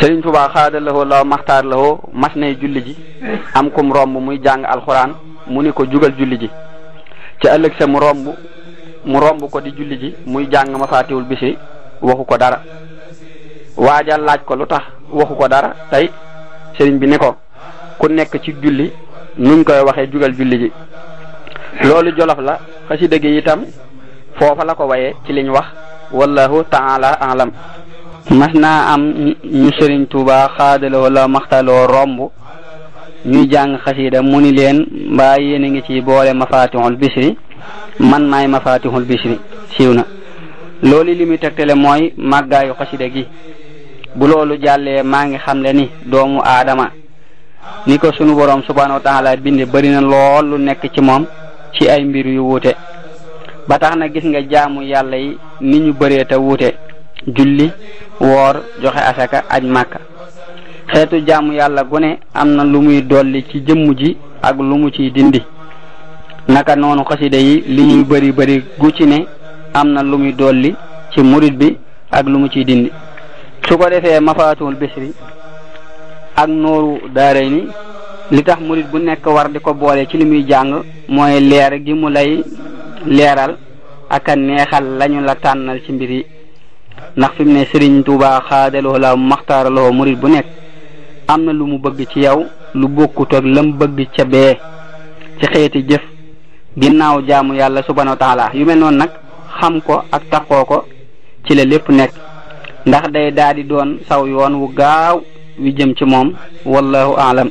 sëriñ Tuubaa xaadalawoo la maxtaar lawoo mas nay julli ji am kum romb muy jàng alxuraan mu ni ko jugal julli ji ca ëllëg sa mu romb mu romb ko di julli ji muy jàng mafaatiwul bisi waxu ko dara waaja laaj ko lu tax waxu ko dara tey sëriñ bi ni ko ku nekk ci julli nuñ koy waxee jugal julli ji loolu jolof la xasida gi itam foofa la ko waye ci liñ wax wallahu taala alam mas naa am ñu sëriñ tuuba xaadaloo la maxtaloo romb ñuy jàng xasida mu ni leen mbaa yéen ngi ci boole mafatihul bisri man maay mafatihul bisri siiw na loolu li muy tegtale mooy màggaayu xasida gi bu loolu jàllee maa ngi xamle ni doomu aadama ni ko sunu boroom subhanahu wa taala binde bari na lool nekk ci moom ci ay mbir yu wuute ba tax na gis nga jaamu yàlla yi ni ñu bëree te wuute julli woor joxe asaka aj màkka xeetu jàmm yàlla gune am na lu muy dolli ci jëmm ji ak lu mu ciy dindi naka noonu xasida yi li ñuy bëri bëri gu ci ne am na lu muy dolli ci murit bi ak lu mu ciy dindi su ko defee mafaatul bisri ak nooru daaray ni li tax murit bu nekk war di ko boole ci li muy jàng mooy leer gi mu lay leeral ak neexal lañu la tànnal ci mbir yi ndax fi mu ne Serigne Touba xaadaloo la maxtaaraloo murit bu nekk am na lu mu bëgg ci yow lu bokkut ak lam bëgg ca bee ci xeeti jëf ginnaaw jaamu yàlla subhanahu wa taala yu mel noon nag xam ko ak taxoo ko ci la lépp nekk ndax day daa doon saw yoon wu gaaw wi jëm ci moom wallahu aalam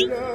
Thank you.